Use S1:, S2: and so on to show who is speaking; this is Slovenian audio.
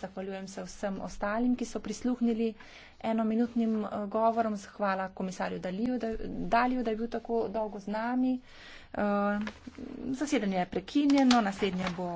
S1: Zahvaljujem se vsem ostalim, ki so prisluhnili enominutnim eh, govorom. Zahvala komisarju Daliju, Daliju, da je bil tako dolgo z nami. Eh, zasedanje je prekinjeno, naslednje bo.